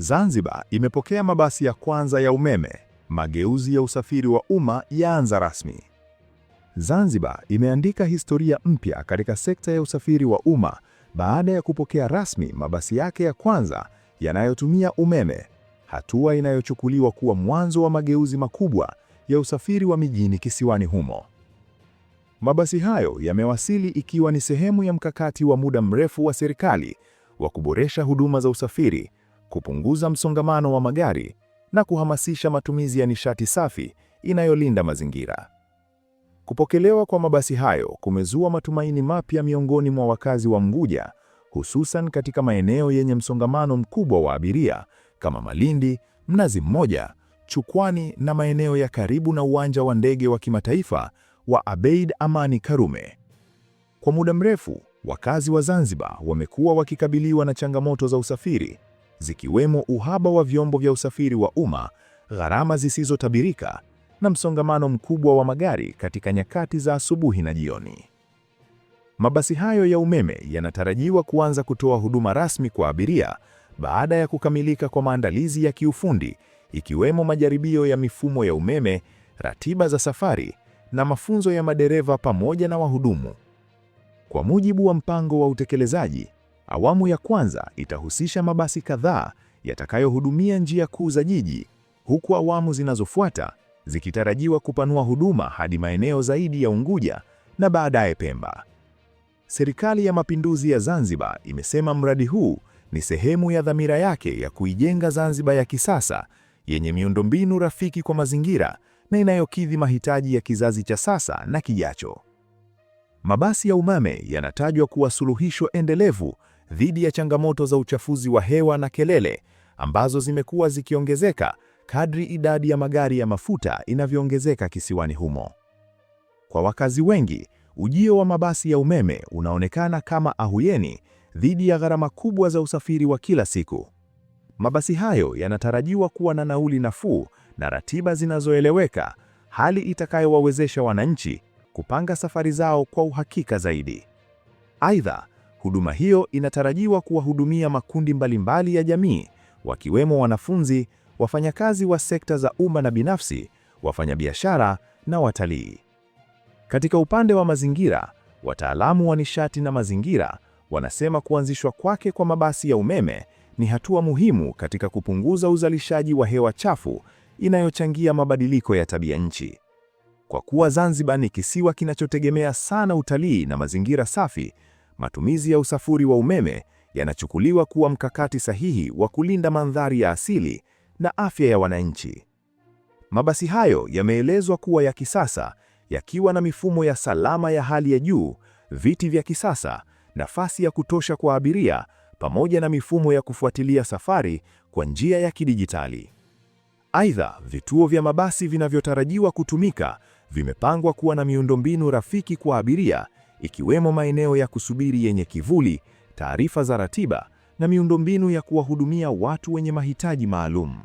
Zanzibar imepokea mabasi ya kwanza ya umeme. Mageuzi ya usafiri wa umma yaanza rasmi. Zanzibar imeandika historia mpya katika sekta ya usafiri wa umma baada ya kupokea rasmi mabasi yake ya kwanza yanayotumia umeme, hatua inayochukuliwa kuwa mwanzo wa mageuzi makubwa ya usafiri wa mijini kisiwani humo. Mabasi hayo yamewasili ikiwa ni sehemu ya mkakati wa muda mrefu wa serikali wa kuboresha huduma za usafiri kupunguza msongamano wa magari na kuhamasisha matumizi ya nishati safi inayolinda mazingira. Kupokelewa kwa mabasi hayo kumezua matumaini mapya miongoni mwa wakazi wa Unguja, hususan katika maeneo yenye msongamano mkubwa wa abiria kama Malindi, Mnazi Mmoja, Chukwani na maeneo ya karibu na uwanja wa ndege wa kimataifa wa Abeid Amani Karume. Kwa muda mrefu, wakazi wa Zanzibar wamekuwa wakikabiliwa na changamoto za usafiri zikiwemo uhaba wa vyombo vya usafiri wa umma, gharama zisizotabirika na msongamano mkubwa wa magari katika nyakati za asubuhi na jioni. Mabasi hayo ya umeme yanatarajiwa kuanza kutoa huduma rasmi kwa abiria baada ya kukamilika kwa maandalizi ya kiufundi ikiwemo majaribio ya mifumo ya umeme, ratiba za safari na mafunzo ya madereva pamoja na wahudumu. Kwa mujibu wa mpango wa utekelezaji, Awamu ya kwanza itahusisha mabasi kadhaa yatakayohudumia njia kuu za jiji, huku awamu zinazofuata zikitarajiwa kupanua huduma hadi maeneo zaidi ya Unguja na baadaye Pemba. Serikali ya Mapinduzi ya Zanzibar imesema mradi huu ni sehemu ya dhamira yake ya kuijenga Zanzibar ya kisasa yenye miundombinu rafiki kwa mazingira na inayokidhi mahitaji ya kizazi cha sasa na kijacho. Mabasi ya umeme yanatajwa kuwa suluhisho endelevu dhidi ya changamoto za uchafuzi wa hewa na kelele ambazo zimekuwa zikiongezeka kadri idadi ya magari ya mafuta inavyoongezeka kisiwani humo. Kwa wakazi wengi, ujio wa mabasi ya umeme unaonekana kama ahueni dhidi ya gharama kubwa za usafiri wa kila siku. Mabasi hayo yanatarajiwa kuwa na nauli nafuu na ratiba zinazoeleweka, hali itakayowawezesha wananchi kupanga safari zao kwa uhakika zaidi. Aidha, Huduma hiyo inatarajiwa kuwahudumia makundi mbalimbali ya jamii, wakiwemo wanafunzi, wafanyakazi wa sekta za umma na binafsi, wafanyabiashara na watalii. Katika upande wa mazingira, wataalamu wa nishati na mazingira wanasema kuanzishwa kwake kwa mabasi ya umeme ni hatua muhimu katika kupunguza uzalishaji wa hewa chafu inayochangia mabadiliko ya tabia nchi. Kwa kuwa Zanzibar ni kisiwa kinachotegemea sana utalii na mazingira safi, matumizi ya usafiri wa umeme yanachukuliwa kuwa mkakati sahihi wa kulinda mandhari ya asili na afya ya wananchi. Mabasi hayo yameelezwa kuwa ya kisasa, yakiwa na mifumo ya salama ya hali ya juu, viti vya kisasa, nafasi ya kutosha kwa abiria, pamoja na mifumo ya kufuatilia safari kwa njia ya kidijitali. Aidha, vituo vya mabasi vinavyotarajiwa kutumika vimepangwa kuwa na miundombinu rafiki kwa abiria ikiwemo maeneo ya kusubiri yenye kivuli, taarifa za ratiba na miundombinu ya kuwahudumia watu wenye mahitaji maalum.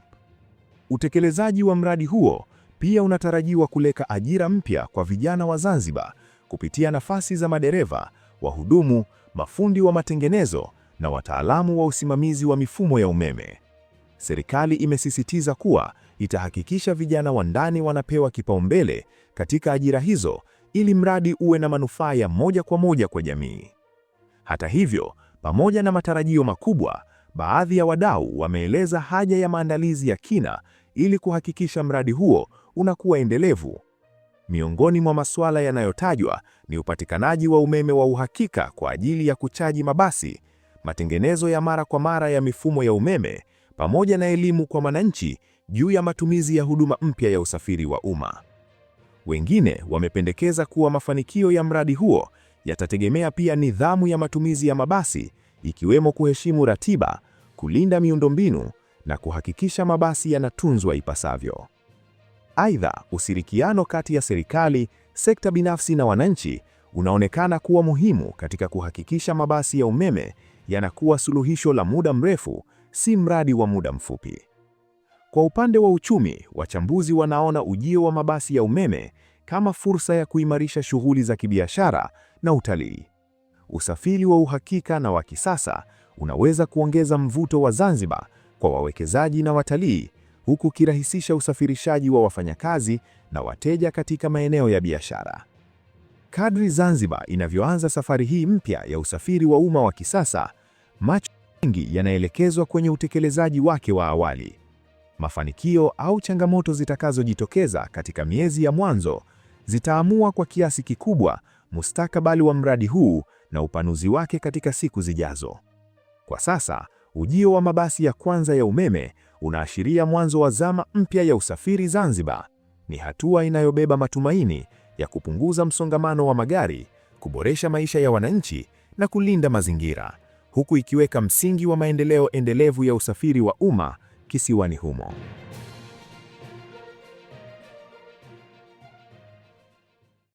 Utekelezaji wa mradi huo pia unatarajiwa kuleka ajira mpya kwa vijana wa Zanzibar kupitia nafasi za madereva, wahudumu, mafundi wa matengenezo na wataalamu wa usimamizi wa mifumo ya umeme. Serikali imesisitiza kuwa itahakikisha vijana wa ndani wanapewa kipaumbele katika ajira hizo ili mradi uwe na manufaa ya moja kwa moja kwa jamii. Hata hivyo, pamoja na matarajio makubwa, baadhi ya wadau wameeleza haja ya maandalizi ya kina ili kuhakikisha mradi huo unakuwa endelevu. Miongoni mwa masuala yanayotajwa ni upatikanaji wa umeme wa uhakika kwa ajili ya kuchaji mabasi, matengenezo ya mara kwa mara ya mifumo ya umeme, pamoja na elimu kwa wananchi juu ya matumizi ya huduma mpya ya usafiri wa umma. Wengine wamependekeza kuwa mafanikio ya mradi huo yatategemea pia nidhamu ya matumizi ya mabasi, ikiwemo kuheshimu ratiba, kulinda miundombinu na kuhakikisha mabasi yanatunzwa ipasavyo. Aidha, ushirikiano kati ya serikali, sekta binafsi na wananchi unaonekana kuwa muhimu katika kuhakikisha mabasi ya umeme yanakuwa suluhisho la muda mrefu, si mradi wa muda mfupi. Kwa upande wa uchumi, wachambuzi wanaona ujio wa mabasi ya umeme kama fursa ya kuimarisha shughuli za kibiashara na utalii. Usafiri wa uhakika na wa kisasa unaweza kuongeza mvuto wa Zanzibar kwa wawekezaji na watalii, huku kirahisisha usafirishaji wa wafanyakazi na wateja katika maeneo ya biashara. Kadri Zanzibar inavyoanza safari hii mpya ya usafiri wa umma wa kisasa, macho mengi yanaelekezwa kwenye utekelezaji wake wa awali mafanikio au changamoto zitakazojitokeza katika miezi ya mwanzo zitaamua kwa kiasi kikubwa mustakabali wa mradi huu na upanuzi wake katika siku zijazo. Kwa sasa, ujio wa mabasi ya kwanza ya umeme unaashiria mwanzo wa zama mpya ya usafiri Zanzibar. Ni hatua inayobeba matumaini ya kupunguza msongamano wa magari, kuboresha maisha ya wananchi na kulinda mazingira, huku ikiweka msingi wa maendeleo endelevu ya usafiri wa umma kisiwani humo.